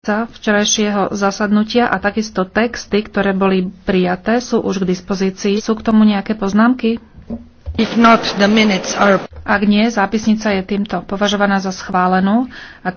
sa včerajšieho zasadnutia a takisto texty, ktoré boli prijaté, sú už k dispozícii. Sú k tomu nejaké poznámky? If not, the minutes are... Ak nie, zápisnica je týmto považovaná za schválenú. A